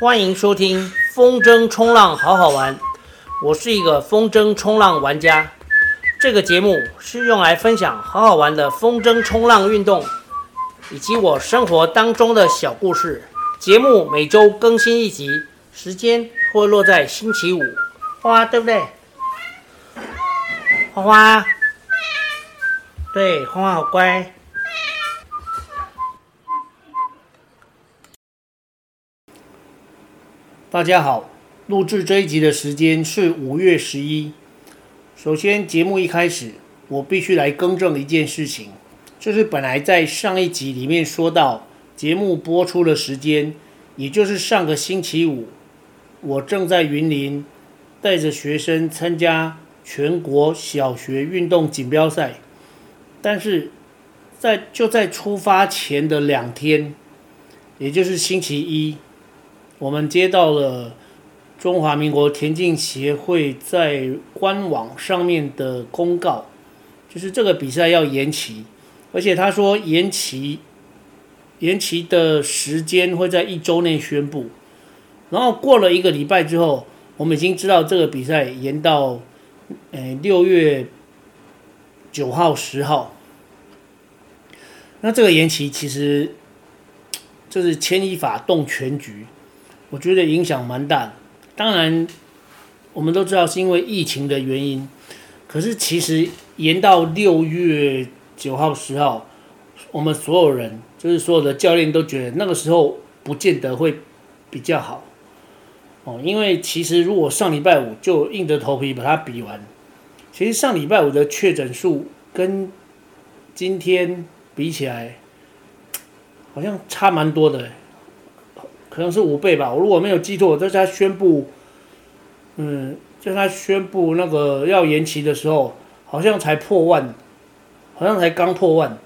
歡迎收聽風箏衝浪，好好玩。我是一個風箏衝浪玩家。這個節目是用來分享好好玩的風箏衝浪運動，以及我生活當中的小故事。節目每週更新一集，時間會落在星期五。花花，對不對？花花，對，花花好乖。大家好，錄製這一集的時間是五月十一。首先，節目一開始，我必須來更正一件事情，就是本來在上一集裡面說到，節目播出的時間，也就是上個星期五，我正在雲林帶着學生參加全國小學運動錦標賽，但是在就在出發前的兩天，也就是星期一。我們接到了中華民國田徑協會在官網上面的公告，就是這個比賽要延期，而且他說延期，延期的時間會在一周內宣布。然後過了一個禮拜之後，我們已經知道這個比賽延到，嗯，六月九號、十號。那這個延期其實就是牽一髮動全局。我覺得影響蠻大的，當然我們都知道是因為疫情的原因。可是其實延到六月九號、十號，我們所有人，就是所有的教練，都覺得那個時候不見得會比較好哦。因為其實如果上禮拜五就硬着頭皮把它比完，其實上禮拜五的確診數跟今天比起來，好像差蠻多的。可能是五倍吧，我如果沒有記錯，就是他宣布，嗯，就他宣布那個要延期的時候，好像才破萬，好像才剛破萬，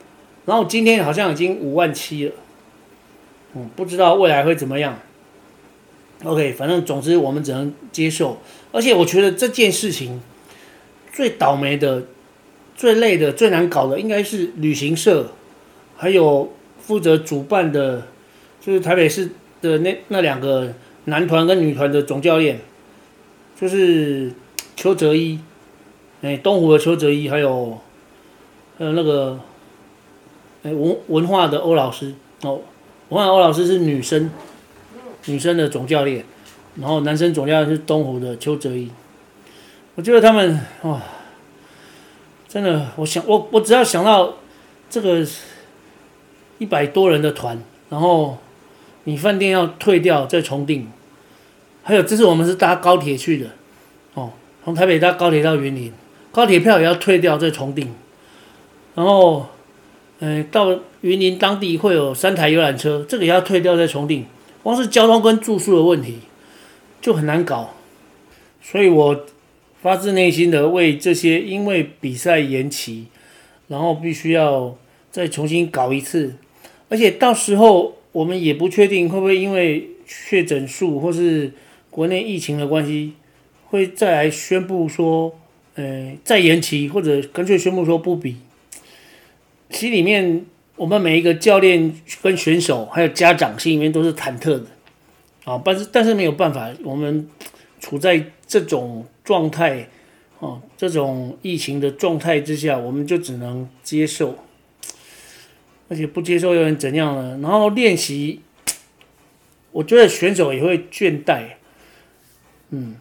然後今天好像已經五萬七了，嗯，不知道未來會怎麼樣。OK，反正總之我們只能接受，而且我覺得這件事情最倒霉的、最累的、最難搞的，應該是旅行社，還有負責主辦的，就是台北市。的那那兩個男團跟女團的總教練，就是邱澤一，哎、欸，東湖的邱澤一，還有還有那個哎、欸、文文化的歐老師哦，文化歐老師是女生，女生的總教練，然後男生總教練是東湖的邱澤一。我覺得他們哇，真的，我想我我只要想到這個一百多人的團，然後。你飯店要退掉再重訂，還有這是我們是搭高鐵去的，哦，從台北搭高鐵到雲林，高鐵票也要退掉再重訂，然後，呃、欸，到雲林當地會有三台遊覽車，這個也要退掉再重訂，光是交通跟住宿的問題就很難搞，所以我發自內心的為這些因為比賽延期，然後必須要再重新搞一次，而且到時候。我們也不確定會不會因為確診數或是國內疫情的關係，會再來宣布說，嗯、呃、再延期或者乾脆宣布說不比。心裡面，我們每一個教練、跟選手還有家長，心裡面都是忐忑的啊。但是，但是沒有辦法，我們處在這種狀態，啊，這種疫情的狀態之下，我們就只能接受。而且不接受又能怎樣呢？然後練習，我覺得選手也會倦怠，嗯，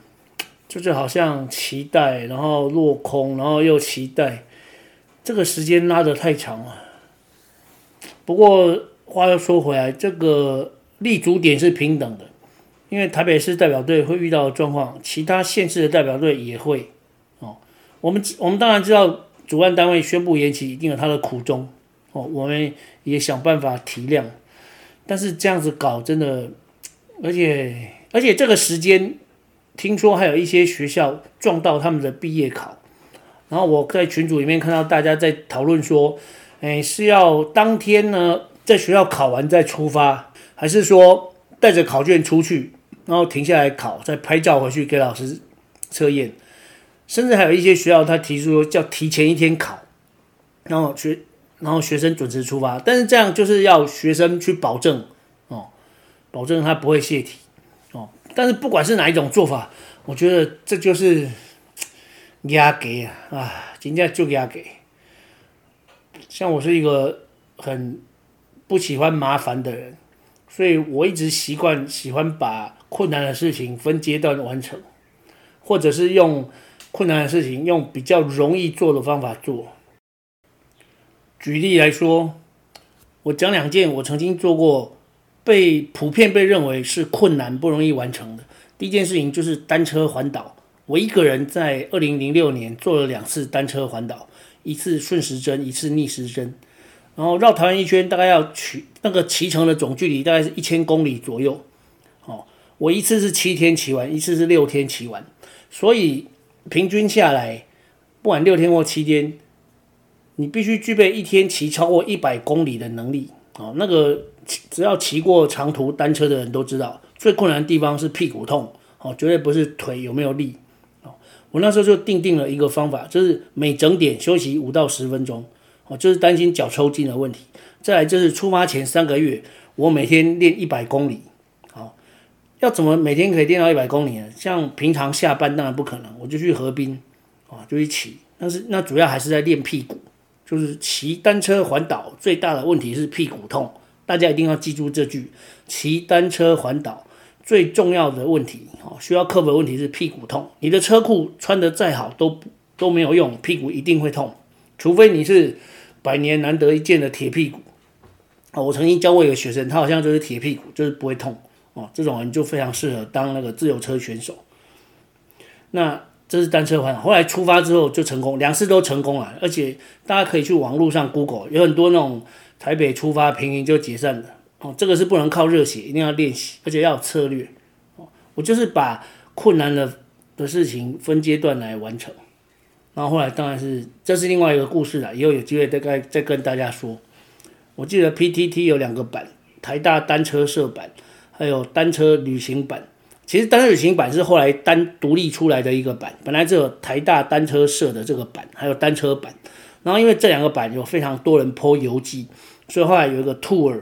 就是好像期待，然後落空，然後又期待，這個時間拉得太長了。不過話又說回來，這個立足點是平等的，因為台北市代表隊會遇到狀況，其他縣市的代表隊也會。哦，我們我們當然知道主辦單位宣布延期，一定有他的苦衷。哦，我們也想辦法體諒，但是這樣子搞真的，而且而且這個時間，聽說還有一些學校撞到他們的畢業考，然後我在群組裡面看到大家在討論說，誒，是要當天呢在學校考完再出發，還是說帶着考卷出去，然後停下來考，再拍照回去給老師測驗，甚至還有一些學校他提出說叫提前一天考，然後去。然後學生準時出發，但是這樣就是要學生去保證哦，保證他不會洩題哦。但是不管是哪一種做法，我覺得這就是壓給啊，啊，人家就壓給。像我是一個很不喜歡麻煩的人，所以我一直習慣喜歡把困難的事情分階段完成，或者是用困難的事情用比較容易做的方法做。舉例來說，我講兩件我曾經做過被，被普遍被認為是困難不容易完成的。第一件事情就是單車環島，我一個人在二零零六年做了兩次單車環島，一次順時針，一次逆時針，然後繞台灣一圈，大概要騎那個騎程的總距離大概是一千公里左右。哦，我一次是七天騎完，一次是六天騎完，所以平均下來，不管六天或七天，你必須具備一天騎超過一百公里的能力，哦，那個只要騎過長途單車的人都知道，最困難的地方是屁股痛，哦，絕對不是腿有沒有力，哦，我那時候就定定了一個方法，就是每整點休息五到十分鐘，哦，就是擔心腳抽筋的問題。再來就是出發前三個月，我每天練一百公里，哦，要怎麼每天可以練到一百公里呢？像平常下班當然不可能，我就去河濱，哦，就去騎，但是那主要還是在練屁股。就是騎單車環島最大的問題是屁股痛，大家一定要記住這句：騎單車環島最重要的問題哦，需要克服的問題是屁股痛。你的車褲穿的再好都都沒有用，屁股一定會痛，除非你是百年難得一見的鐵屁股。我曾經教過一個學生，他好像就是鐵屁股，就是不會痛哦。這種人就非常適合當那個自由車選手。那。這是單車環，後來出發之後就成功，兩次都成功了，而且大家可以去網絡上 Google，有很多那種台北出發平營就解散的，哦，這個是不能靠熱血，一定要練習，而且要有策略，哦，我就是把困難的的事情分階段來完成，然後後來當然是，這是另外一個故事了，以後有機會再再跟大家說，我記得 PTT 有兩個版，台大單車社版，還有單車旅行版。其實單車旅行版是後來單獨立出來的一個版，本來只有台大單車社的這個版，還有單車版，然後因為這兩個版有非常多人 po 遊記，所以後來有一個 tour，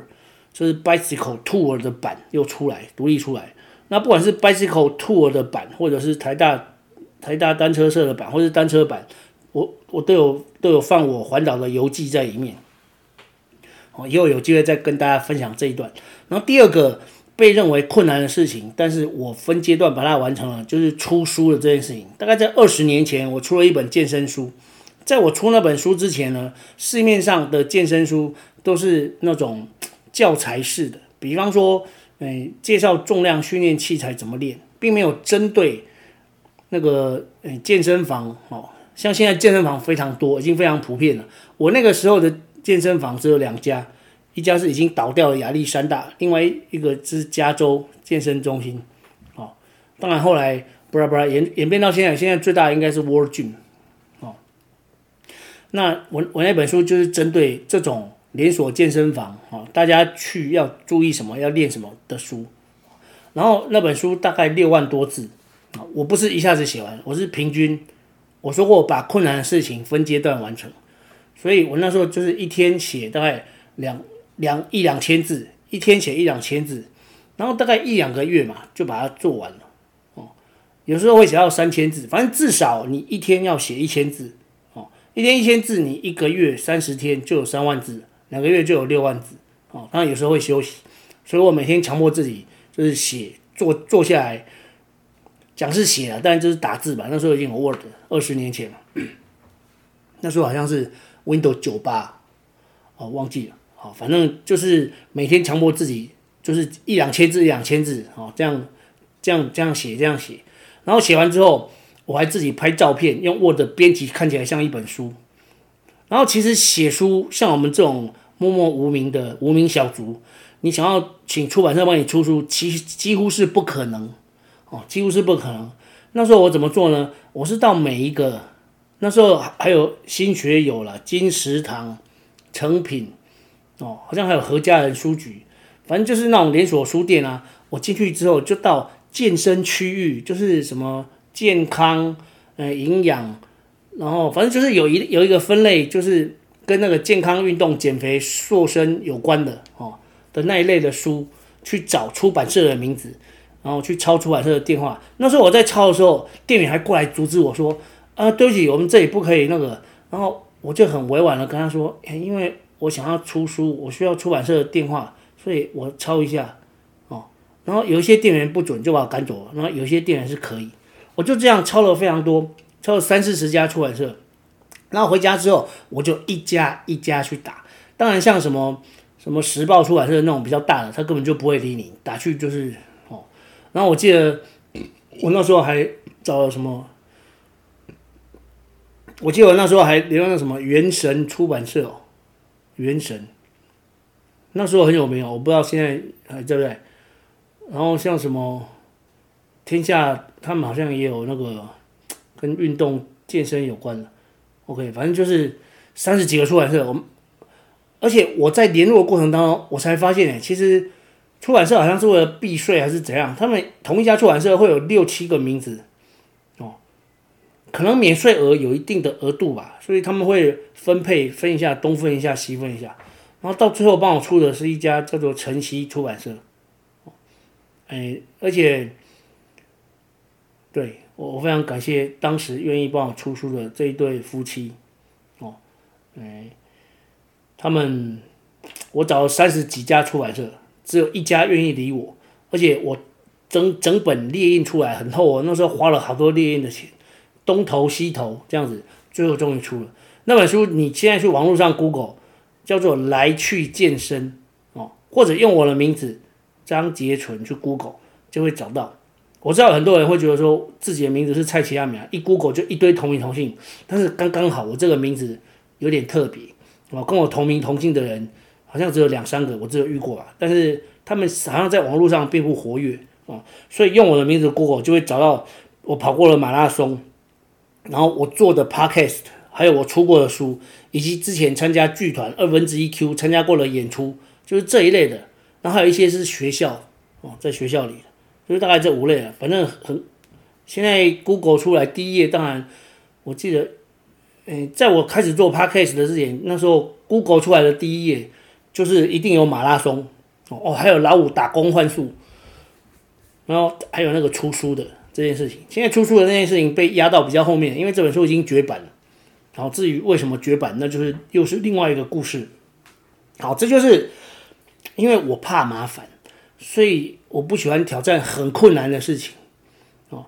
就是 bicycle tour 的版又出來，獨立出來。那不管是 bicycle tour 的版，或者是台大台大單車社的版，或者是單車版，我我都有都有放我環島的遊記在裡面。好，以後有機會再跟大家分享這一段。然後第二個。被認為困難的事情，但是我分階段把它完成了，就是出書的這件事情。大概在二十年前，我出了一本健身書。在我出那本書之前呢，市面上的健身書都是那種教材式的，比方說，嗯、哎，介紹重量訓練器材怎麼練，並沒有針對那個、哎、健身房哦。像現在健身房非常多，已經非常普遍了。我那個時候的健身房只有兩家。一家是已經倒掉的亞歷山大，另外一個是加州健身中心，哦，當然後來布拉布拉演演變到現在，現在最大應該是 World Gym 哦。那我我那本書就是針對這種連鎖健身房，哦，大家去要注意什麼，要練什麼的書。然後那本書大概六萬多字，我不是一下子寫完，我是平均，我說過我把困難的事情分階段完成，所以我那時候就是一天寫大概兩。兩一兩千字，一天寫一兩千字，然後大概一兩個月嘛，就把它做完了。哦，有時候會寫到三千字，反正至少你一天要寫一千字。哦，一天一千字，你一個月三十天就有三萬字，兩個月就有六萬字。哦，當然有時候會休息，所以我每天強迫自己就是寫，坐坐下來，講是寫了，但就是打字吧。那時候已經有 Word，二十年前，那時候好像是 Windows 九八，哦，忘記了。好，反正就是每天強迫自己，就是一兩千字，一兩千字，好，這樣，這樣，這樣寫，這樣寫，然後寫完之後，我還自己拍照片，用 Word 編輯，看起來像一本書。然後其實寫書，像我們這種默默無名的無名小卒，你想要請出版社幫你出書，其實幾乎是不可能，哦，幾乎是不可能。那時候我怎麼做呢？我是到每一個，那時候還有新學友了，金石堂，誠品。哦，好像還有何家人書局，反正就是那種連鎖書店啊。我進去之後就到健身區域，就是什麼健康、呃營養，然後反正就是有一有一個分類，就是跟那個健康運動、減肥、瘦身有關的哦的那一類的書，去找出版社的名字，然後去抄出版社的電話。那時候我在抄的時候，店員還過來阻止我說：“啊、呃，對不起，我們這裡不可以那個。”然後我就很委婉的跟他說：“誒因為。”我想要出書，我需要出版社的電話，所以我抄一下，哦，然後有一些店員不准就把我趕走了，然後有些店員是可以，我就這樣抄了非常多，抄了三四十家出版社，然後回家之後我就一家一家去打，當然像什麼什麼時報出版社那種比較大的，他根本就不會理你，打去就是哦，然後我記得我那時候還找了什麼，我記得我那時候還聯絡什麼圓神出版社哦。原神，那時候很有名啊，我不知道現在還在不在。然後像什麼天下，他們好像也有那個跟運動健身有關的。OK，反正就是三十幾個出版社，我們。而且我在聯絡的過程當中，我才發現其實出版社好像是為了避稅還是怎樣，他們同一家出版社會有六七個名字。可能免稅額有一定的額度吧，所以他們會分配，分一下東，分一下西，分一下，然後到最後幫我出的是一家叫做晨曦出版社。哎，而且，對，我非常感謝，當時願意幫我出書的這一對夫妻。哦，哎，他們我找了三十幾家出版社，只有一家願意理我，而且我整整本列印出來很厚，我那時候花了好多列印的錢。東投西投這樣子，最後終於出了那本書。你現在去網絡上 Google，叫做“來去健身”哦，或者用我的名字張杰純去 Google，就會找到。我知道很多人會覺得說自己的名字是菜市仔名啊，一 Google 就一堆同名同姓。但是剛剛好，我這個名字有點特別哦，跟我同名同姓的人好像只有兩三個，我只有遇過吧。但是他們好像在網絡上並不活躍哦，所以用我的名字 Google 就會找到我跑過了馬拉松。然後我做的 podcast，還有我出過的書，以及之前參加劇團二分之一 Q 參加過的演出，就是這一類的。然後還有一些是學校哦，在學校裡，就是大概這五類了。反正很，現在 Google 出來第一頁，當然我記得，嗯，在我開始做 podcast 的之前，那時候 Google 出來的第一頁就是一定有馬拉松哦，還有老五打工換宿，然後還有那個出書的。這件事情，現在出書的那件事情被壓到比較後面，因為這本書已經絕版了。好，至於為什麼絕版，那就是又是另外一個故事。好，這就是因為我怕麻煩，所以我不喜歡挑戰很困難的事情。哦，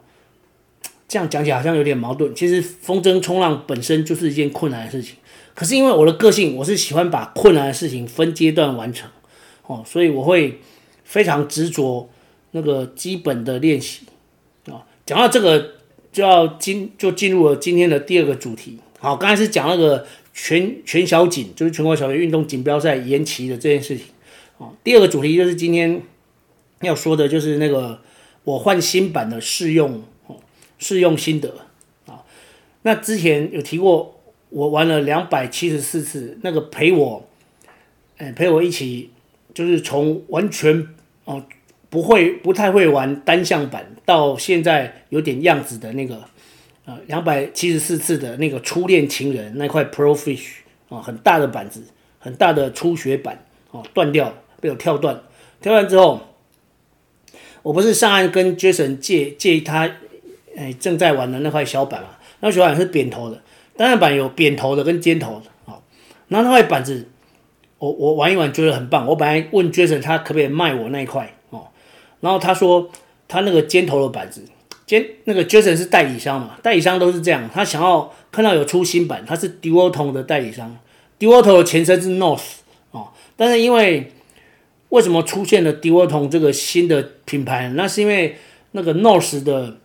這樣講起來好像有點矛盾。其實風箏衝浪本身就是一件困難的事情，可是因為我的個性，我是喜歡把困難的事情分階段完成。哦，所以我會非常執着那個基本的練習。講到這個，就要進就進入了今天的第二個主題。好，剛才是講那個全全小錦，就是全國小學運動錦標賽延期的這件事情。啊、哦，第二個主題就是今天要說的，就是那個我換新版的試用，哦、試用心得。啊、哦，那之前有提過，我玩了兩百七十四次，那個陪我，哎，陪我一起，就是從完全哦不會不太會玩單向版。到現在有點樣子的那個，呃，兩百七十四次的那個初戀情人那塊 Pro Fish 啊、哦，很大的板子，很大的初學板哦，斷掉被我跳斷。跳完之後，我不是上岸跟 Jason 借借他，哎、欸，正在玩的那塊小板啊，那小板是扁頭的，單板有扁頭的跟尖頭的，好、哦，然後那塊板子，我我玩一玩覺得很棒，我本來問 Jason 他可不可以賣我那一塊哦，然後他說。他那個尖頭的板子，尖那個 Jason 是代理商嘛？代理商都是這樣，他想要看到有出新版。他是 Duotone 的代理商，Duotone 的前身是 North 哦。但是因為為什麼出現了 Duotone 這個新的品牌？那是因為那個 North 的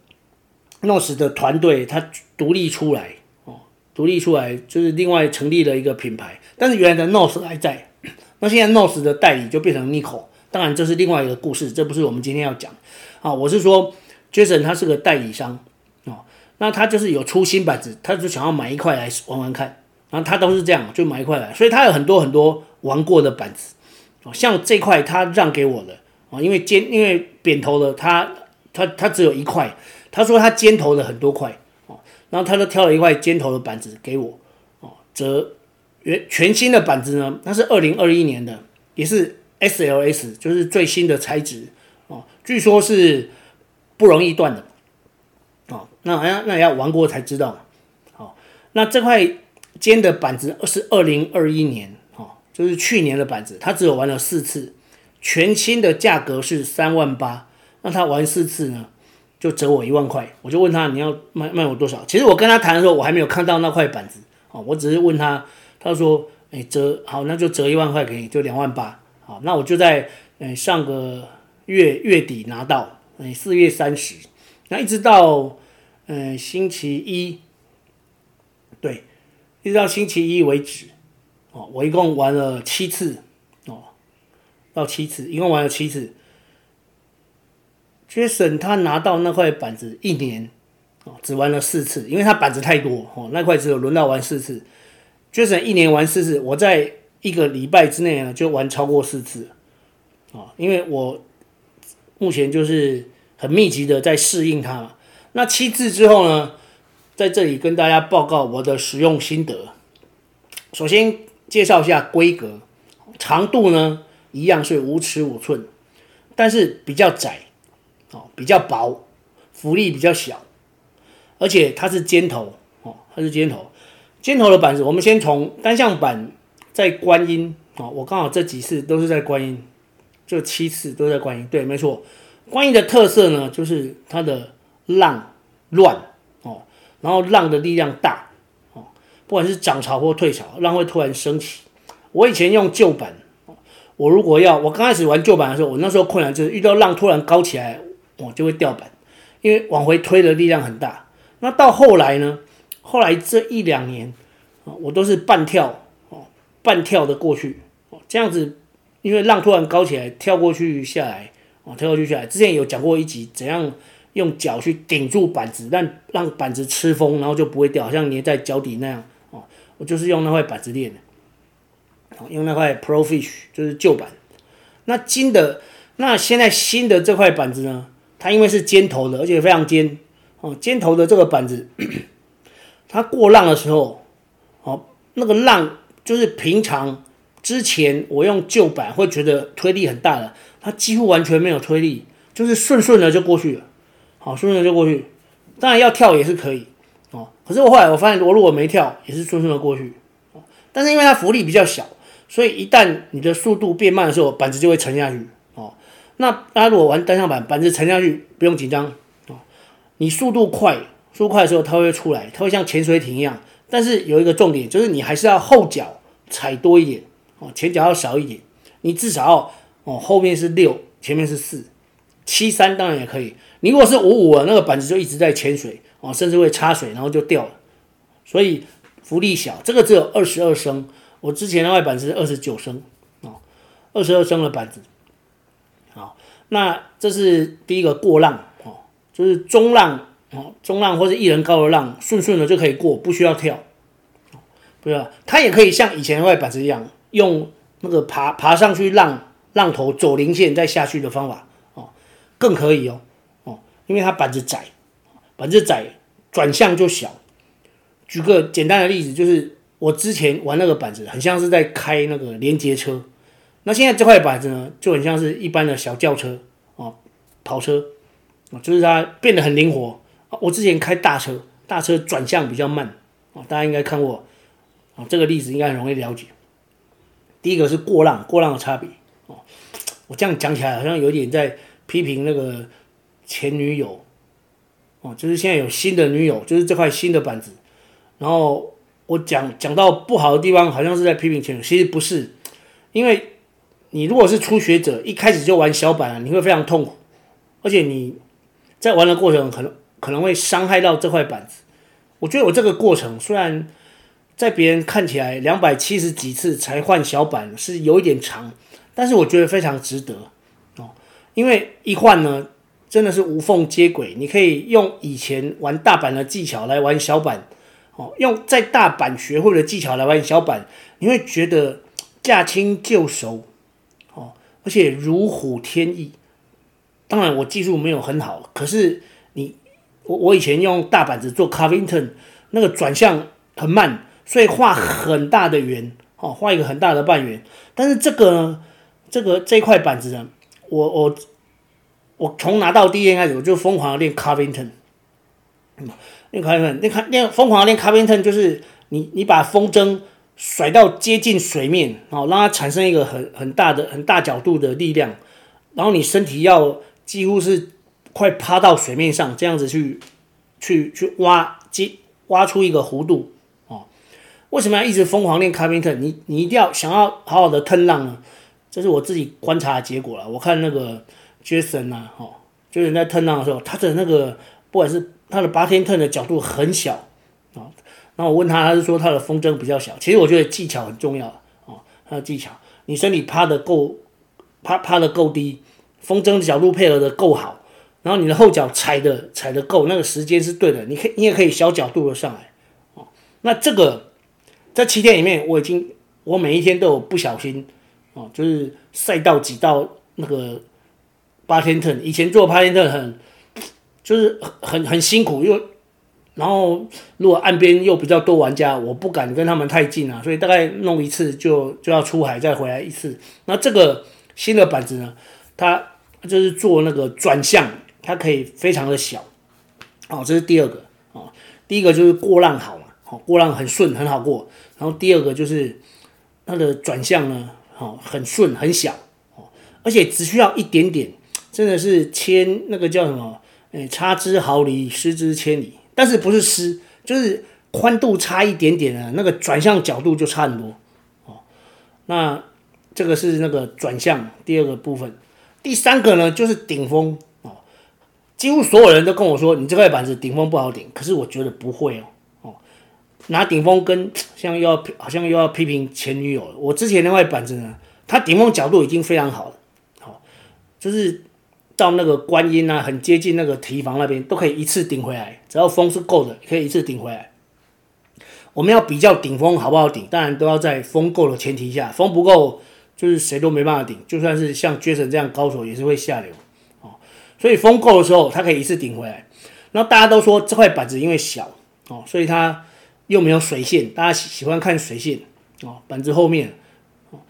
North 的團隊他獨立出來哦，獨立出來就是另外成立了一個品牌。但是原來的 North 還在，那現在 North 的代理就變成 Nico，當然這是另外一個故事，這不是我們今天要講。啊、哦，我是說，Jason 他是個代理商，哦，那他就是有出新板子，他就想要買一塊來玩玩看，然後他都是這樣，就買一塊來，所以他有很多很多玩過的板子，哦，像這塊他讓給我的，哦，因為尖，因為扁頭的，他他他只有一塊，他說他尖頭的很多塊，哦，然後他就挑了一塊尖頭的板子給我，哦，則原全新的板子呢，它是二零二一年的，也是 SLS，就是最新的材質。據說，是不容易斷的，哦，那好像那也要玩過才知道好、哦，那這塊尖的板子是二零二一年，哦，就是去年的板子，他只有玩了四次。全新的價格是三萬八，那他玩四次呢，就折我一萬塊。我就問他，你要賣賣我多少？其實我跟他談的時候，我還沒有看到那塊板子，哦，我只是問他，他說，哎，折好，那就折一萬塊給你，就兩萬八。好，那我就在，嗯、哎，上個。月月底拿到，哎、欸，四月三十，那一直到，嗯、呃，星期一，對，一直到星期一為止，哦，我一共玩了七次，哦，到七次，一共玩了七次。Jason 他拿到那塊板子一年，哦，只玩了四次，因為他板子太多，哦，那塊只有輪到玩四次。Jason 一年玩四次，我在一個禮拜之內呢就玩超過四次，啊、哦，因為我。目前就是很密集的在適應它。那七次之後呢，在這裡跟大家報告我的使用心得。首先介紹一下規格，長度呢一樣是五尺五寸，但是比較窄，哦，比較薄，浮力比較小，而且它是尖頭，哦，它是尖頭，尖頭的板子。我們先從單向板在觀音，哦，我剛好這幾次都是在觀音。這七次都在觀音，對，沒錯。觀音的特色呢，就是它的浪亂哦，然後浪的力量大哦，不管是漲潮或退潮，浪會突然升起。我以前用舊板、哦，我如果要我剛開始玩舊板的時候，我那時候困難就是遇到浪突然高起來，我、哦、就會掉板，因為往回推的力量很大。那到後來呢？後來這一兩年，哦、我都是半跳哦，半跳的過去哦，這樣子。因為浪突然高起來，跳過去下來，哦，跳過去下來。之前有講過一集，怎樣用腳去頂住板子，讓讓板子吃風，然後就不會掉，好像黏在腳底那樣。哦，我就是用那塊板子練的，哦，用那塊 Pro Fish，就是舊板。那新的，那現在新的這塊板子呢？它因為是尖頭的，而且非常尖。哦，尖頭的這個板子，咳咳，它過浪的時候，哦，那個浪就是平常。之前我用舊板會覺得推力很大了，它幾乎完全沒有推力，就是順順的就過去了。好，順順的就過去。當然要跳也是可以哦，可是我後來我發現，我如果沒跳也是順順的過去，哦。但是因為它浮力比較小，所以一旦你的速度變慢的時候，板子就會沉下去。哦，那大家如果玩單向板，板子沉下去不用緊張哦。你速度快，速度快的時候它會出來，它會像潛水艇一樣。但是有一個重點就是你還是要後腳踩多一點。哦，前腳要少一點，你至少哦、喔，後面是六，前面是四，七三當然也可以。你如果是五五啊，那個板子就一直在潛水哦，甚至會插水，然後就掉了。所以浮力小，這個只有二十二升。我之前的那塊板子是二十九升哦，二十二升的板子。好，那這是第一個過浪哦，就是中浪哦，中浪或者一人高的浪，順順的就可以過，不需要跳。不要，它也可以像以前的那塊板子一樣。用那個爬爬上去浪讓,讓頭走零線再下去的方法哦，更可以哦哦，因為它板子窄，板子窄轉向就小。舉個簡單的例子，就是我之前玩那個板子，很像是在開那個聯結車。那現在這塊板子呢就很像是一般的小轎車哦，跑車就是它變得很靈活。我之前開大車，大車轉向比較慢啊、哦，大家應該看過啊、哦，這個例子應該很容易了解。第一個是過浪，過浪的差別哦。我這樣講起來好像有點在批評那個前女友哦，就是現在有新的女友，就是這塊新的板子。然後我講講到不好的地方，好像是在批評前女友，其實不是。因為你如果是初學者，一開始就玩小板，你會非常痛苦，而且你在玩的過程可能可能會傷害到這塊板子。我覺得我這個過程雖然。在別人看起來兩百七十幾次才換小板是有一點長，但是我覺得非常值得哦，因為一換呢真的是無縫接軌，你可以用以前玩大板的技巧來玩小板哦，用在大板學會的技巧來玩小板，你會覺得駕輕就熟哦，而且如虎添翼。當然我技術沒有很好，可是你我我以前用大板子做 carving turn 那個轉向很慢。所以畫很大的圓，哦，畫一個很大的半圓。但是這個呢這個這塊板子呢，我我我從拿到第一天開始，我就瘋狂練 carving t n 嗯，練 c a r 練瘋狂練 carving t n，就是你你把風箏甩到接近水面，哦，讓它產生一個很很大的很大角度的力量，然後你身體要幾乎是快趴到水面上，這樣子去去去挖，挖挖出一個弧度。為什麼要一直瘋狂練卡賓特？你你一定要想要好好的騰浪呢？這是我自己觀察的結果了。我看那個 Jason 啊，哦，就是在騰浪的時候，他的那個不管是他的八天騰的角度很小啊、哦。然後我問他，他就說他的風箏比較小。其實我覺得技巧很重要啊、哦，他的技巧，你身體趴的夠，趴趴的夠低，風箏的角度配合的夠好，然後你的後腳踩的踩的夠，那個時間是對的，你可以你也可以小角度的上來哦，那這個。在七天裡面，我已經我每一天都有不小心，哦，就是賽道擠到那個八天特，以前做巴天特很，就是很很辛苦，因為，然後如果岸邊又比較多玩家，我不敢跟他們太近啊，所以大概弄一次就就要出海再回來一次。那這個新的板子呢，它就是做那個轉向，它可以非常的小，哦，這是第二個，哦，第一個就是過浪好。好過浪很順，很好過。然後第二個就是它的轉向呢，好很順，很小哦，而且只需要一點點，真的是千那個叫什麼？哎，差之毫釐，失之千里。但是不是失，就是寬度差一點點啊，那個轉向角度就差很多哦。那這個是那個轉向第二個部分。第三個呢，就是頂風哦。幾乎所有人都跟我說，你這塊板子頂風不好頂，可是我覺得不會哦。拿頂風跟像又要好像又要批評前女友了。我之前那塊板子呢，它頂風角度已經非常好了，好、哦，就是到那個觀音啊，很接近那個堤防那邊都可以一次頂回來，只要風是夠的，可以一次頂回來。我們要比較頂風好不好頂，當然都要在風夠的前提下，風不夠就是誰都沒辦法頂，就算是像 Jason 這樣高手也是會下流哦。所以風夠的時候，它可以一次頂回來。那大家都說這塊板子因為小哦，所以它。又沒有水線，大家喜，喜歡看水線哦。板子後面、哦、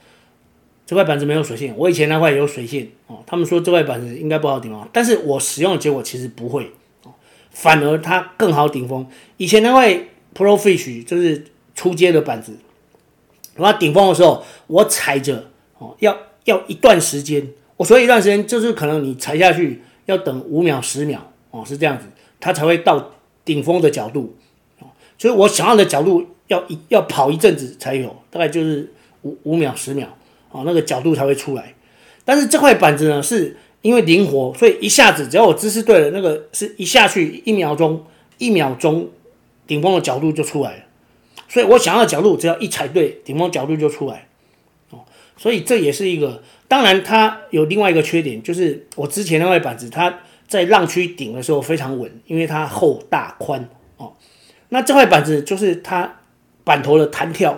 這塊板子沒有水線，我以前那塊也有水線哦。他們說這塊板子應該不好頂風哦，但是我使用的結果其實不會哦，反而它更好頂風。以前那塊 Profish 就是初階的板子，它頂風的時候，我踩着哦，要要一段時間，我所以一段時間就是可能你踩下去要等五秒十秒哦，是這樣子，它才會到頂峰的角度。所以我想要的角度要一要跑一陣子才有，大概就是五五秒十秒啊，哦，那個角度才會出來。但是這塊板子呢，是因為靈活，所以一下子只要我姿勢對了，那個是一下去一秒鐘一秒鐘頂峰的角度就出來了。所以我想要的角度只要一踩對，頂峰角度就出來哦。所以這也是一個，當然它有另外一個缺點，就是我之前那塊板子，它在浪區頂的時候非常穩，因為它厚大寬。那這塊板子就是它板頭的彈跳，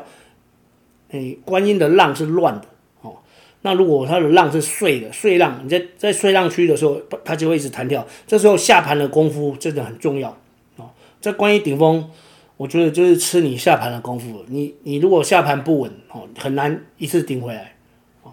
哎、欸，觀音的浪是亂的哦。那如果它的浪是碎的碎浪，你在在碎浪區的時候，它就會一直彈跳。這時候下盤的功夫真的很重要哦。這關於頂峰，我覺得就是吃你下盤的功夫。你你如果下盤不穩哦，很難一次頂回來哦。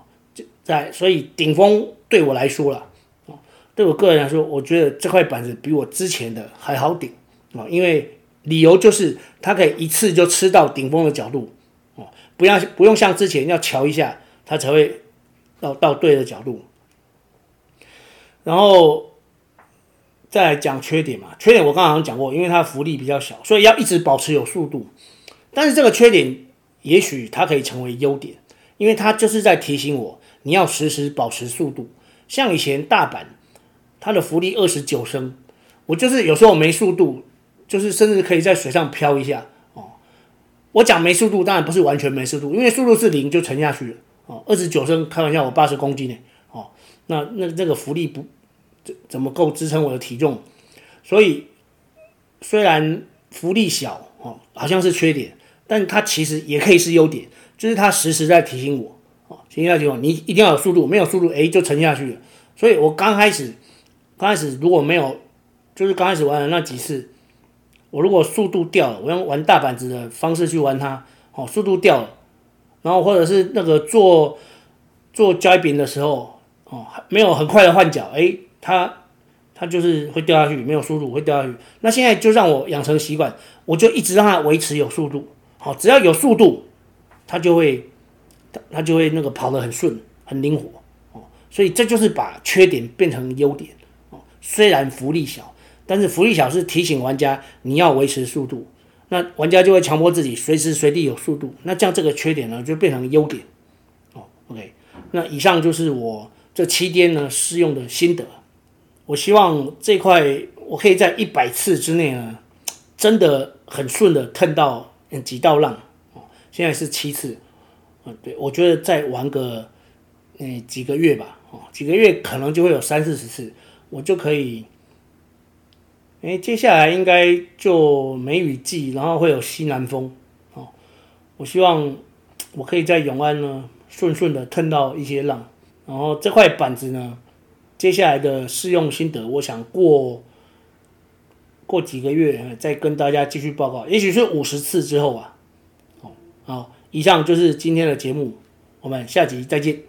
在所以頂峰對我來說了哦，對我個人來說，我覺得這塊板子比我之前的還好頂啊、哦，因為。理由就是，它可以一次就吃到頂峰的角度，哦，不要不用像之前要調一下，它才會到到對的角度。然後再講缺點嘛，缺點我剛剛講過，因為它的浮力比較小，所以要一直保持有速度。但是這個缺點，也許它可以成為優點，因為它就是在提醒我，你要時時保持速度。像以前大阪，它的浮力二十九升，我就是有時候我沒速度。就是甚至可以在水上漂一下哦。我講沒速度，當然不是完全沒速度，因為速度是零就沉下去了哦。二十九升，開玩笑，我八十公斤呢哦。那那這個浮力不怎怎麼夠支撐我的體重。所以雖然浮力小哦，好像是缺點，但它其實也可以是優點，就是它時時在提醒我哦，提醒我你一定要有速度，沒有速度哎就沉下去了。所以我剛開始剛開始如果沒有，就是剛開始玩的那幾次。我如果速度掉了，我用玩大板子的方式去玩它，哦，速度掉了，然後或者是那個做做交易餅的時候，哦，沒有很快的換腳，誒，它它就是會掉下去，沒有速度會掉下去。那現在就讓我養成習慣，我就一直讓它維持有速度，好、哦，只要有速度，它就會它就會那個跑得很順，很靈活，哦，所以這就是把缺點變成優點，哦，雖然浮力小。但是浮力小是提醒玩家你要維持速度，那玩家就會強迫自己隨時隨地有速度，那這樣這個缺點呢就變成優點。哦，OK，那以上就是我這七天呢試用的心得。我希望這塊我可以在一百次之內呢，真的很順的看到、嗯、幾道浪。哦，現在是七次。嗯，對，我覺得再玩個嗯、欸、幾個月吧，哦，幾個月可能就會有三四十次，我就可以。哎、欸，接下來應該就梅雨季，然後會有西南風，哦，我希望我可以在永安呢順順的蹭到一些浪，然後這塊板子呢，接下來的試用心得，我想過過幾個月再跟大家繼續報告，也許是五十次之後啊，好、哦哦，以上就是今天的節目，我們下集再見。